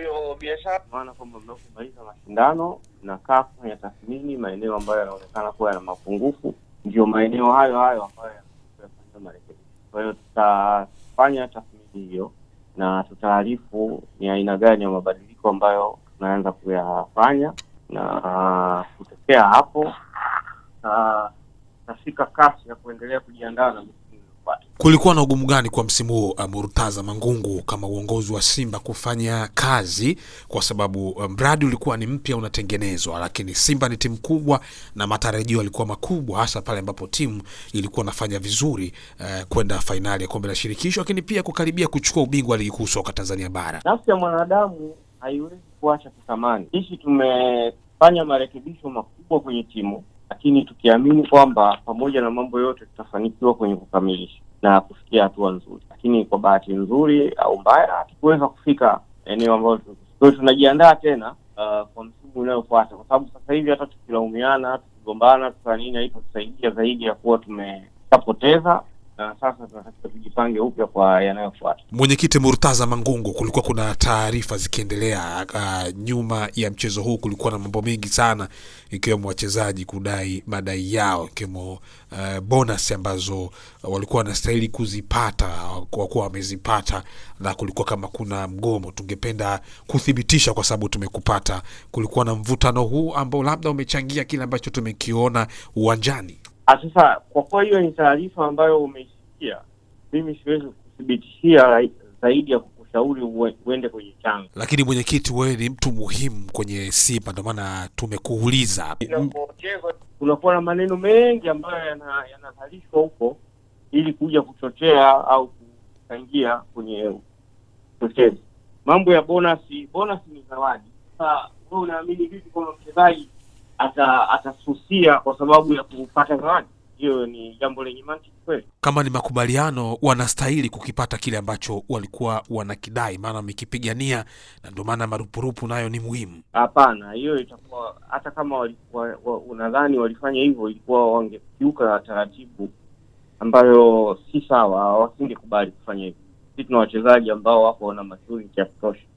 hiyo biashara, maana kwamba mnapomaliza mashindano nakaa kufanya tathmini maeneo ambayo yanaonekana kuwa yana mapungufu, ndio maeneo hayo hayo ambayo yanafanyiwa marekebisho. Kwa hiyo tutafanya tathmini hiyo na tutaarifu ni aina gani ya mabadiliko ambayo tunaanza kuyafanya, na kutokea hapo tutafika kasi ya kuendelea kujiandaa na Kulikuwa na ugumu gani kwa msimu huo uh, Murtaza Mangungu, kama uongozi wa Simba kufanya kazi, kwa sababu uh, mradi ulikuwa ni mpya unatengenezwa, lakini Simba ni timu kubwa na matarajio yalikuwa makubwa, hasa pale ambapo timu ilikuwa nafanya vizuri uh, kwenda fainali ya kombe la shirikisho, lakini pia kukaribia kuchukua ubingwa wa ligi kuu soka Tanzania bara. Nafsi ya mwanadamu haiwezi kuacha kutamani. Sisi tumefanya marekebisho makubwa kwenye timu lakini tukiamini kwamba pamoja na mambo yote tutafanikiwa kwenye kukamilisha na kufikia hatua nzuri, lakini kwa bahati nzuri au mbaya hatukuweza kufika eneo ambalo kwa tunajiandaa tena uh, kwa msimu unayofuata, kwa sababu sasa hivi hata tukilaumiana, tukigombana, tuka nini, zaidi ya kuwa tumeshapoteza na sasa tunatakiwa tujipange upya kwa yanayofuata. Mwenyekiti Murtaza Mangungu, kulikuwa kuna taarifa zikiendelea uh, nyuma ya mchezo huu kulikuwa na mambo mengi sana, ikiwemo wachezaji kudai madai yao, ikiwemo uh, bonus ambazo walikuwa wanastahili kuzipata kwa kuwa wamezipata, na kulikuwa kama kuna mgomo. Tungependa kuthibitisha kwa sababu tumekupata, kulikuwa na mvutano huu ambao labda umechangia kile ambacho tumekiona uwanjani. Ah, sasa kwa kuwa hiyo ni taarifa ambayo umeisikia, mimi siwezi kuthibitishia zaidi ya kukushauri uende kwenye changa. Lakini mwenyekiti, wewe ni mtu muhimu kwenye Simba, ndio maana tumekuuliza. Kunakuwa na maneno mengi ambayo yanazalishwa huko ili kuja kuchochea au kuchangia kwenye uchochezi. Mambo ya bonasi, bonasi ni zawadi. Sasa wewe unaamini vipi kwamba mchezaji ata, atasusia kwa sababu ya kupata zawadi. Hiyo ni jambo lenye mantiki kweli. Kama ni makubaliano, wanastahili kukipata kile ambacho walikuwa wanakidai, maana wamekipigania, na ndio maana marupurupu nayo ni muhimu. Hapana, hiyo itakuwa hata kama walikuwa, wa, unadhani walifanya hivyo, ilikuwa wangekiuka taratibu ambayo si sawa, wasingekubali kufanya hivyo. si tuna wachezaji ambao wako wana maturity ya kutosha.